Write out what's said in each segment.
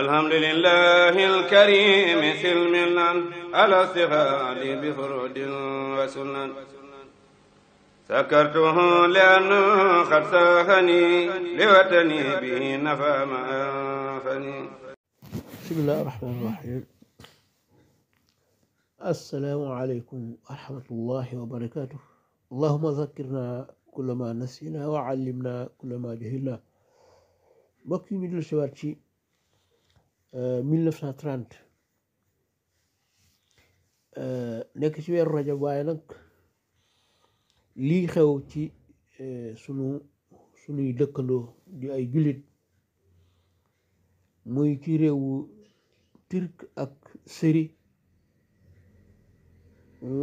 alhamdulilah alkarim silmilan ala stighaali bi furudin wa sunan sakartuhu li annu qad saxani li watani bihi nafa ma anfani bismillahi rahmaani rahim assalaamu aleykum wa rahmatullahi wa barakaatuh allahuma zakkirna kulla ma nasina wa allimna kulla ma jahilna mbokk yi ñu dul siwaat ci 1930 euh, euh, nekk ci weeru rajo waaye nag lii xew ci euh, sunu sunuy dëkkandoo di ay jullit muy ci réewu turc ak Syrie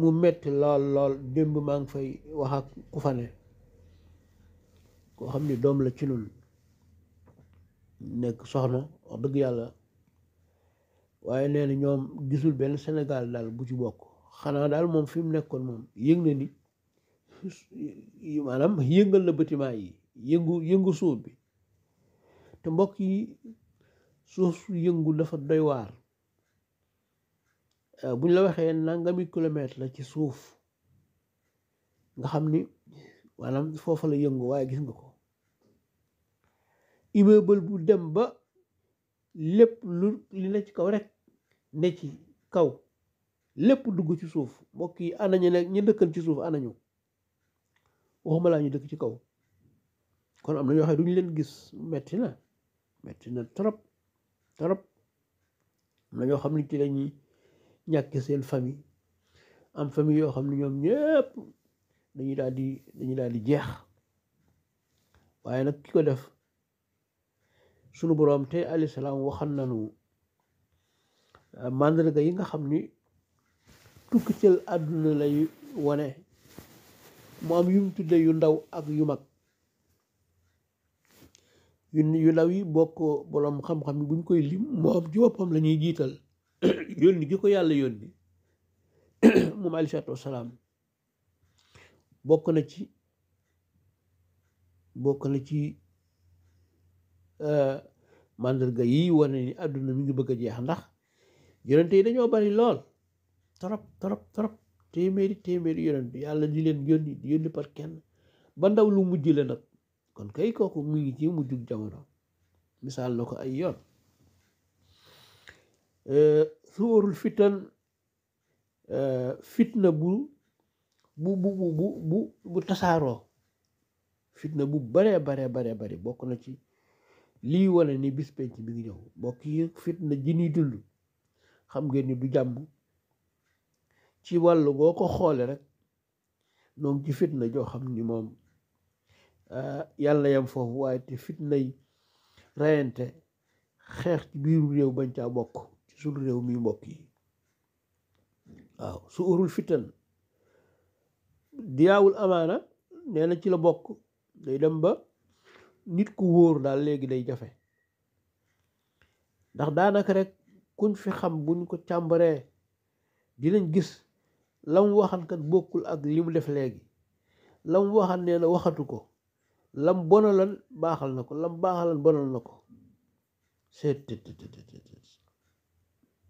mu metti lool lool démb maa ngi fay wax ak ku koo xam ni doom la ci nun nekk soxna wax dëgg yàlla waaye nee ñoom gisul benn Sénégal daal bu ci bokk xanaa daal moom fi mu nekkoon moom yëg na ni maanaam yëngal na bâtiment yi yëngu yëngu suuf bi te mbokk yi suuf su yëngu dafa doy waar euh, bu ñu la waxee nangami kilomètre la ci suuf nga xam ni maanaam foofa la yëngu waaye gis nga ko immeuble bu dem ba lépp lu li na ci kaw rek ne ci kaw lépp dugg ci suuf mbokk yi anañu ne ñu dëkkan ci suuf anañu waxuma laa ñu dëkk ci kaw kon am na ñoo xam ne duñu leen gis metti na metti na trop trop na ñoo xam ne ci lañuy ñàkk seen famille am famille yoo xam ne ñoom ñëpp dañuy daal di dañuy daal di jeex waaye nag ki ko def sunu boroom te alayhi salaam waxan nanu màndarga yi nga xam ni tukki cël àdduna lay wane mu am yum tudde yu ndaw ak yu mag yu ndaw yi bokk boroom xam-xam yi buñ koy lim moo ci boppam la ñuy jiital yónni gi ko yàlla yónni moom aleyhi salaatu wasalaam bokk na ci bokk na ci euh, màndarga yi wane ni àdduna mu ngi bëgg a jeex ndax yonent yi dañoo bari lool trop trop trop téeméeri téeméeri yonent yàlla di leen yónni di par kenn ba ndaw lu mujj la nag kon kay kooku mu ngi ci mujjug jamono misaal na ko ay yoon euh, suurul fitan euh, fitna bu bu bu bu bu bu tasaaroo fitna bu baree baree bare bari bokk na ci lii wane ni bis penc mi ngi ñëw bokk yi fitna ji ñuy dund xam ngeen ni du jàmm ci wàll goo ko xoole rek noonu ci fitna joo xam ni moom ah, yàlla yam foofu waaye te fitna reyante xeex ci biiru réew bañ caa bokk ci suñu réew mi mbokk yi waaw su urul fitan diyaawul amaana nee ci la bokk day dem ba nit ku wóor daal léegi day jafe ndax daanaka rek kuñ fi xam buñ ko càmbaree dinañ gis lam waxankat bokkul ak li mu def léegi lam waxan nee na waxatu ko lam bonalan baaxal na ko lam baaxalan bonal na ko seet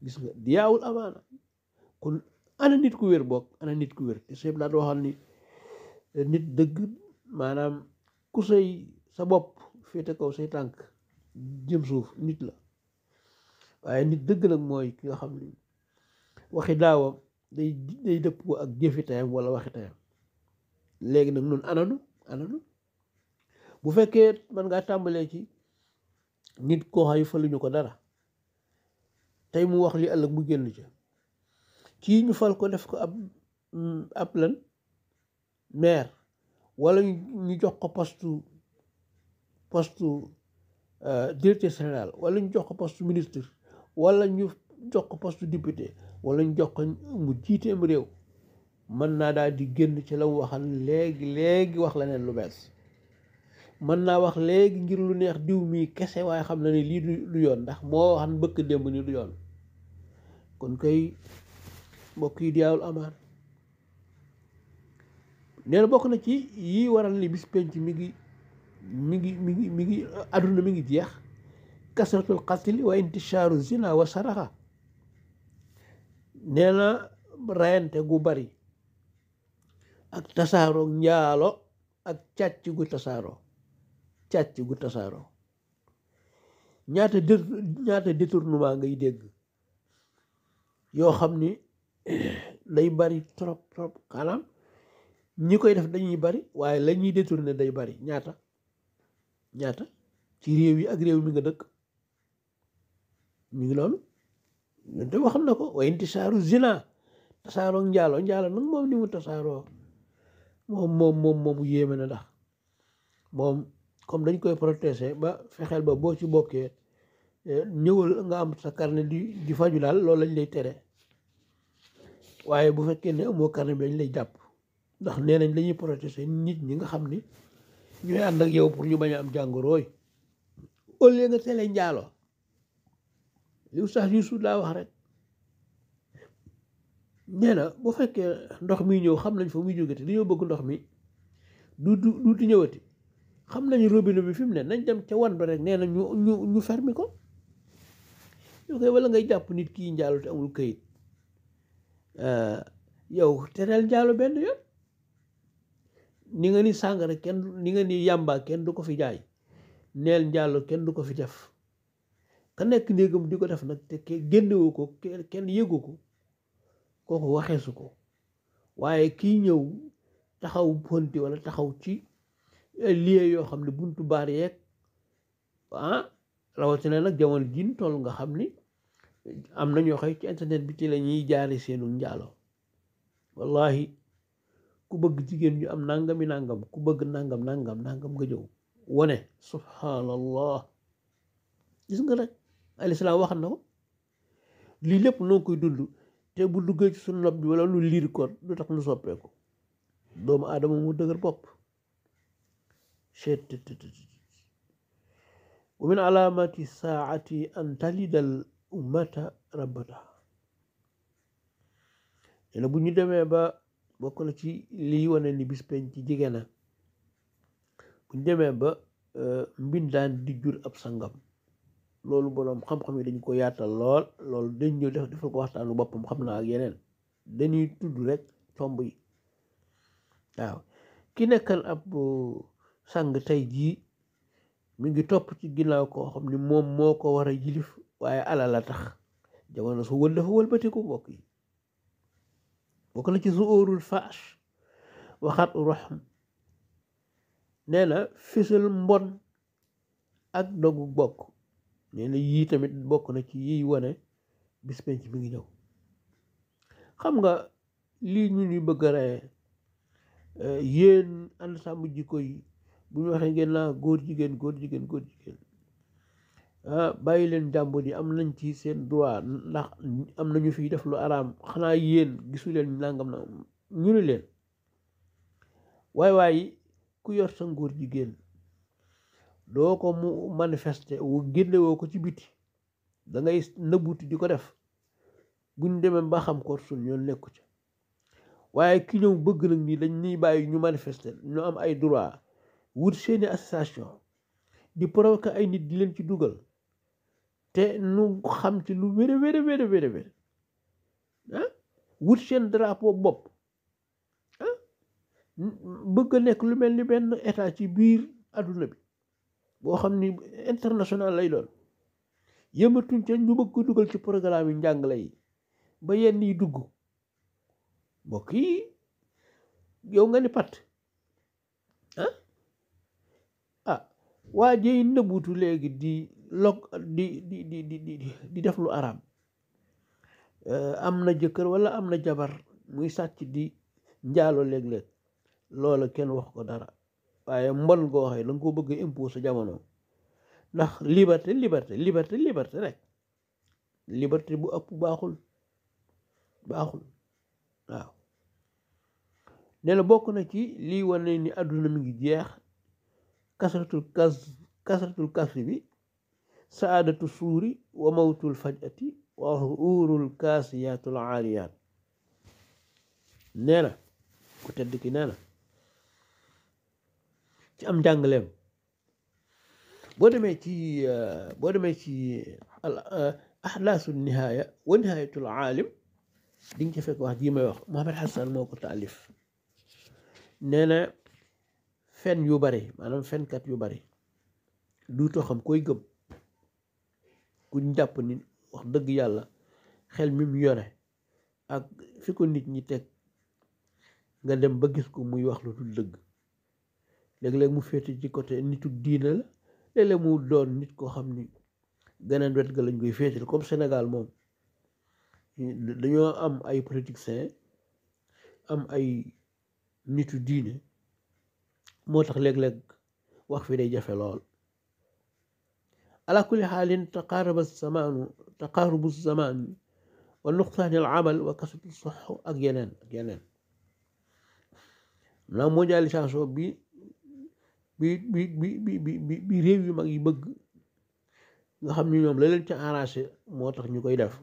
gis nga diyaawul amaana kon ana nit ku wér bokk ana nit ku wér te seeb waxal ni nit dëgg maanaam ku say sa bopp féete kaw say tànk jëm suuf nit la waaye nit dëgg nag mooy ki nga xam ni waxi daawam day day dëppoo ak jëfi tayam wala waxi tayam léegi nag noonu ananu ananu bu fekkee man ngaa tàmbalee ci nit koo xay faluñu ko dara tey mu wax li ëllëg mu génn ca kii ñu fal ko def ko ab mm, ab lan maire wala ñu jox ko postu postu euh, directeur général wala ñu jox ko postu ministre wala ñu jox ko poste député wala ñu jox mu jiiteem réew mën naa daal di génn ci la mu waxal léegi léegi wax la neen lu bees mën naa wax léegi ngir lu neex diw mii kese waaye xam na ne lii du yoon ndax moo waxan bëkk démb ni lu yoon kon koy mbokk yi diyaawul amaan nee bokk na ci yi waral ni bis penc mi ngi mi ngi mi ngi mi ngi àdduna mi ngi jeex kasratul qatli wa intisharu zina wa saraxa nee na rayante gu bari ak tasaaroo njaalo ak càcc gu tasaaroo càcc gu tasaaroo ñaata dé ñaata détournement ngay dégg yoo xam ni day bari trop trop xanaam ñi koy def dañuy bari waaye la ñuy ne day bari ñaata ñaata ci réew yi ak réew mi nga dëkk mi ngi noonu ñun te waxoon na ko wa intisaaru zina tasaaroo njaalo njaalo nag moom ni mu tasaaroo moom moom moom moom yéeme na ndax moom comme dañ koy protéger ba fexeel ba boo ci bokkee eh, ñëwal nga am sa carnet di di faju daal loolu lañ lay tere waaye bu fekkee ne amoo carnet bi dañ lay jàpp ndax nee nañ dañuy protéger nit ñi nga xam ni ñooy am ak yow pour ñu bañ a am jàngorooy au lieu nga teelee njaalo sax yu Youssou laa wax rek nee na bu fekkee ndox mi ñëw xam nañ fa muy jógati li ñoo bëgg ndox mi du du du di ñëwati xam nañu robine bi fi mu ne nañ dem ca wan ba rek nee na ñu ñu ñu fermi ko ñu koy wala ngay jàpp nit kii njaalu te amul këyit yow tereel njaalu benn yoon ni nga ni sàngara kenn ni nga ni yàmba kenn du ko fi jaay neel njaalu kenn du ko fi jaf ka nekk néegam di ko def nag te génnewu ko kenn yëgu ko kooku waxeesu ko waaye kii ñëw taxaw ponti wala taxaw ci eh, lieu yoo xam ne buntu baar yeeg ah rawatina nag jamono jin toll nga xam ni am na ñoo xëy ci internet bi ci la ñuy jaari seenu njaalo wallahi ku bëgg jigéen ñu am nangami nangam ku bëgg nangam nangam nangam nga jëw wone subhanallah alayhi salaam wax na ko lii lépp noo koy dund te bu duggee ci suñu nopp bi wala lu liir kon lu tax lu soppeeku doomu aadama mu dëgër bopp chettt wa min alaamati saati an talidal ummata rabbata len bu ñu demee ba bokk na ci lii wane ni bis peñ ci jigéen na bu ñu demee ba euh, mbindaan di jur ab sangam loolu boroom xam-xam yi dañu ko yaatal lool loolu dañ ñëw def defal ko waxtaanu boppam xam naa yeneen dañuy tudd rek tomb yi waaw ki nekkal ab uh, sàng tey jii mu ngi topp ci ginnaaw koo xam ni moom moo ko war a jilif waaye alal la tax jamono su wël dafa wëlbatiku mbokk yi bokk na ci su óorul faash waxaat roxam nee na fisal mbon ak dogu bokk nee yii tamit bokk na ci yi wane bis penc mi ngi ñëw xam nga lii ñu ñu bëgg a reye eh, yéen ànd sàmm jikko yi bu ñu waxee ngeen góor jigéen góor jigéen góor jigéen ah, leen jàmbur yi am nañ ci seen droit ndax am nañu fi def lu araam xanaa yéen gisu leen nangam na ñu ni leen waay waay ku yor sa ngóor jigéen doo ko mu manifester wu génnewoo ko ci biti da ngay nëbbuti di ko def buñ demee ba xam ko suñ yoon nekku ca waaye ki ñëw bëgg nag ni dañ ni bàyyi ñu manifester ñu am ay droit wut seeni association di provoquer ay nit di leen ci dugal te nu xam ci lu wére wére wére wére wére ah wut seen drapo bopp ah bëgg a nekk lu mel ni benn état ci biir adduna bi boo xam ni international lay doon yëmatuñ ca ñu bëgg dugal ci programme yi njàngale yi ba yenn yi dugg mbokk yi yow nga ni pat ah ah waa jëy nëbbutu léegi di log di di di def lu araam eh, am na jëkkër walla am na jabar muy sàcc di njaalo léeg-léeg loola kenn wax ko dara waaye mbon goo xëy la nga ko bëgg imposé jamono ndax liberté liberté liberté liberté rek bu ëpp baaxul baaxul waaw nee na bokk na ci lii wane ni àdduna mu ngi jeex kasratul kasratul kasri bi saadatu suuri wa mawtul fajati wa ruurul kaasiyaatul aaliyaat nee ku tedd ki nee ci am njàngaleem boo demee ci euh, boo demee ci al euh, ahlaasu nihaaya wa nihaayatul aalim di nga ca fekk wax jii may wax Mohamed Hassan moo ko taalif nee na fen yu bari maanaam fenkat yu bari duutoo xam koy gëm ku jàpp ni wax dëgg yàlla xel mi mu yore ak fi ko nit ñi teg nga dem ba gis ko muy wax lu dul dëgg léeg-léeg mu féete ci côté nitu diina la léeg-léeg mu doon nit koo xam ni geneen wet ga lañ koy féetal comme Sénégal moom dañoo am ay politiciens am ay nitu diine moo tax léeg-léeg wax fi day jafe lool ala kulli xaalin taqaaraba zamaanu taqaarubu zamaan wa nuqsaani al amal wa kasbu sox ak yeneen ak yeneen maanaam mondialisation bi bi bi bi bi bi réew yu mag yi bëgg nga xam ni ñoom la leen ca arrangé moo tax ñu koy def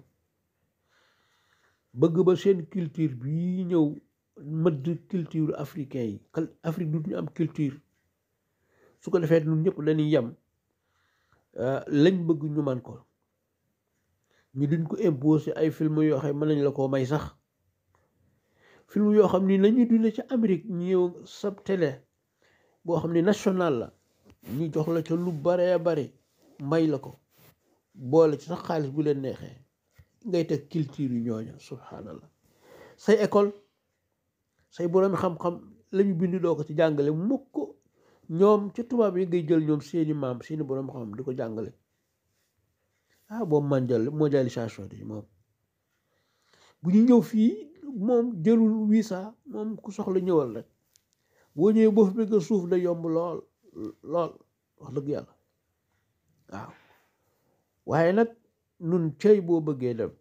bëgg ba seen culture bii ñëw mëdd culture africain yi Afrique du ñu am culture su ko defee ñun ñëpp dañuy yem euh, lañ bëgg ñu man ko ñu duñ ko imposé ay film yoo xam mën nañ la koo may sax film yoo xam ni nañuy dund ca Amérique ñëw sab télé boo xam ne national la ñu jox la ca lu bare bare may la ko boole ci sax xaalis bu leen neexee ngay teg culture yu ñooña subhanallah say école say boroomi xam-xam la bind doo ko ci jàngale mukk ñoom ci tubaab yi ngay jël ñoom seeni maam seeni borom xam di ko jàngale ah boobu man jël mondialisation di moom bu ñu ñëw fii moom jëlul visa moom ku soxla ñëwal rek boo ñëwee boo fi ko suuf da yomb lool lool wax dëgg yàlla waaw waaye nag nun cey boo bëggee dem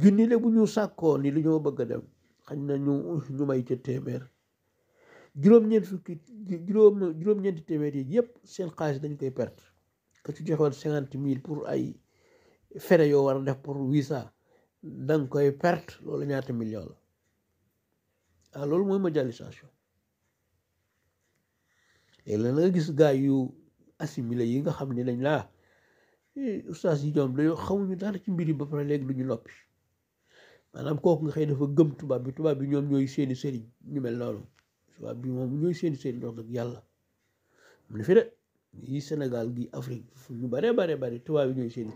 junni la bu ñu sàkkoo ni li ñoo bëgg a dem xañ na ñu ñu may ca téeméer juróom-ñeent ñeenti téeméer yi yëpp seen xaalis dañ koy perte ka ci joxoon cinquante mille pour ay fere yoo war a def pour visa da koy perte loolu ñaata million la ah loolu mooy mondialisation et la nga gis gaa yu assimilé yi nga xam ne dañ laa eh, ustaas yi ñoom dañoo xamuñu dara ci mbir yi ba pare léegi ñu noppi maanaam kooku nga xëy dafa gëm tubaab bi tubaab bi ñoom ñooy seeni sëriñ ñu mel noonu tubaab bi moom ñooy seeni sëriñ wax dëgg yàlla mu ne fi de yi ñu bare bare bare tubaab yi ñooy seeni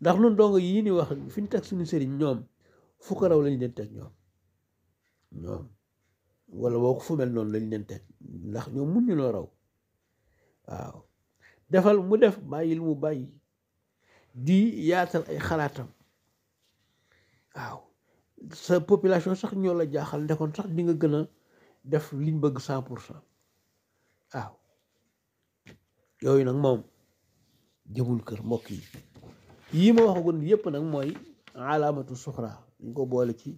ndax nun dong yii ni wax fi ñu teg suñu sëriñ ñoom fu raw lañu leen teg ñoom waaw wala woo ko fu mel noonu lañ leen teg ndax ñoom mun ñu loo raw waaw defal mu def bàyyil mu bàyyi di yaatal ay xalaatam waaw sa population sax ñoo la jaaxal ndekoon sax di nga gën a def liñ bëgg cent pour cent waaw yooyu nag moom jëmul kër mbokk yi yii ma waxagun yépp nag mooy alaamatu suxra ñu ko boole ci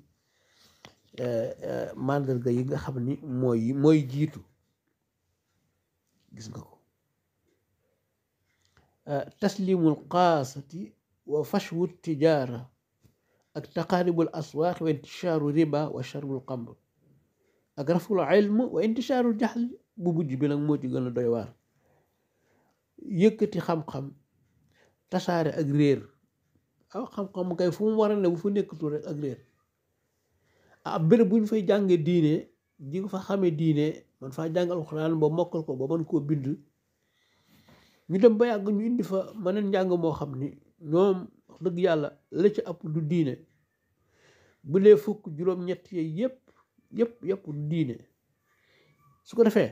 Euh, euh, màndarga yi nga xam ni mooy jiitu gis nga ko euh, taslimul qaasati wa fashwu tijaara ak taqaaribul aswaaq wa intishaaru riba wa sharbul xamr ak raful ilm wa intishaaru jaxl bu mujj bi nag moo ci gën a doy waar yëkkati xam-xam tasaare ak réer aw xam-xam kay fu mu ne bu fa nekkatul rek ak réer ab ah, béréb bu ñu fay jàngee diine ji nga fa xamee diine man faa jàng alxuraan ba mokkal ko ba mën koo bind ñu dem ba yàgg ñu indi fa mëneen njàng moo xam ni ñoom dëgg yàlla la ci app du diine bu dee fukk juróom-ñett yooyu yëpp yëpp yëpp du diine su ko defee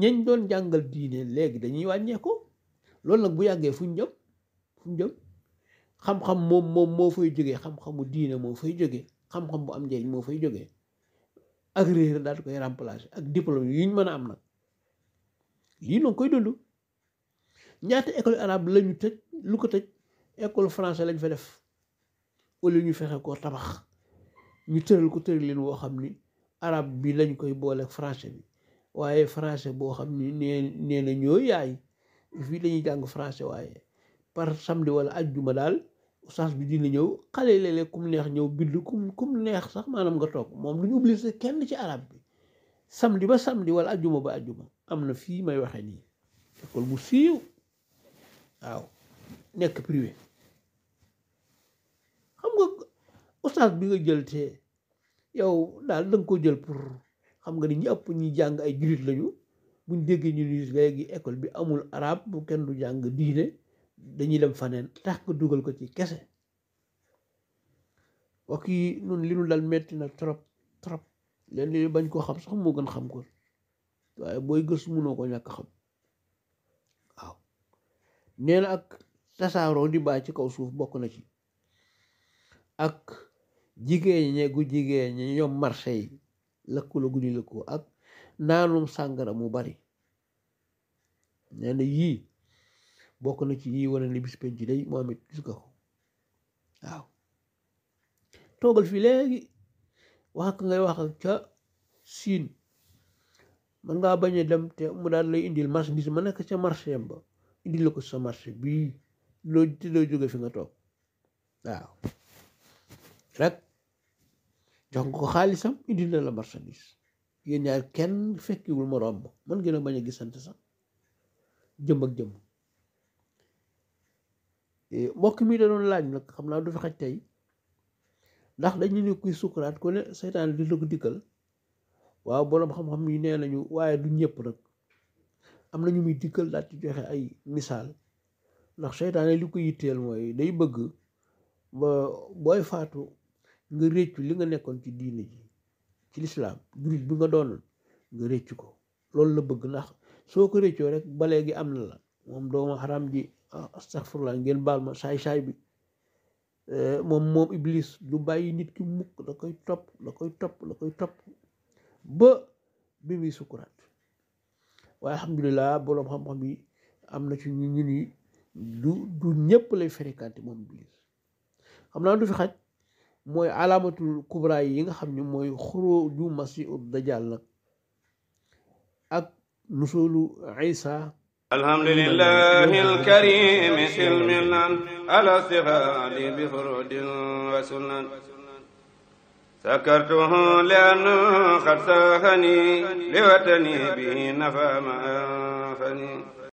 ñañ doon jàngal diine léegi dañuy wàññeeku loolu nag bu yàggee fu ñu jëm fu ñu jëm xam-xam moom moom moo fay jógee xam-xamu diine moo fay jóge xam-xam bu am njëriñ moo fay jógee ak réer daal di koy remplacer ak diplôme yu ñu mën a am nag yi noonu koy dund ñaata école arabe lañu tëj lu ko tëj école français lañ fa def wala ñu fexe koo tabax ñu tëral ko tëral leen woo xam ni arabe bi lañ koy boole français bi waaye français boo xam ni nee nee na ñoo yaay fii la ñuy jàng français waaye par samedi wala ajjuma daal. oustaz bi dina ñëw xale yi léeg kum neex ñëw bind kum kum neex sax maanaam nga toog moom du ñu obligé kenn ci araab bi samedi ba samedi wala ajuma ba ajuma am na fii may waxee nii école bu siiw waaw nekk privé xam nga oustaz bi nga jël te yow daal da koo jël pour xam nga ni ñi ëpp ñi jàng ay julit lañu buñ déggee ñu ni léegi école bi amul araab bu kenn du jàng diine dañuy dem faneen tax nga dugal ko ci kese mbokk yi nun li nu dal metti na trop trop leen li bañ koo xam sax moo gën xam ko waaye booy gëstu mënoo ko ñàkk xam waaw nee na ak tasaaroo di bàyyi ci kaw suuf bokk na ci ak jigéen ñe gu jigéen ñi ñoom marché yi lëkkaloo gu ñu ak naanum sàngara mu bari nee yii bokk na ci yi wane ni bis penc day moom it gis nga ko waaw toogal fii léegi wax ak ngay wax ak ca siin man ngaa bañ a dem te mu daal lay indil marchandise ma nekk ca marché am ba indil la ko sa marché bii loo te doo jóge fi nga toog waaw rek jox nga ko xaalisam indil na la marchandise yéen ñaar kenn fekkiwul moroom ma man gën a bañ a gisante sax jëm ak jëm Eh, mbokk mii da doon laaj nag xam naa du fi xaj tey ndax dañu ne kuy sukuraat ku ne seytaan di la ko dikkal waaw boroom xam-xam yi nee nañu waaye du ñëpp nag am na ñu muy dikkal daal di joxe ay misaal ndax seytaane li ko yitteel mooy day bëgg ba booy faatu nga réccu li nga nekkoon ci diine ji ci lislaam jullit bi nga doon nga réccu ko loolu la bëgg ndax soo ko réccoo rek ba léegi am na la moom doomu xaram ji Ah, astaghfirullah ngeen baal ma saay-saay bi eh, moom moom iblis du bàyyi nit ki mukk da koy topp da koy topp da koy topp ba bi muy sukuraat waaye alhamdulilah boroom xam-xam yi am na ci ñu ñun yi du du ñëpp lay fréquenté moom iblis xam naa du fi xaj mooy alaamatul kubra yi nga xam ni mooy xuruju masiihu dajjal nag ak nusulu isa alhamdulillahi alkarim silmilan alastighali bi furudin wa sunan sakartuhu lianna qad saxani liwatani bihi nafa ma anfani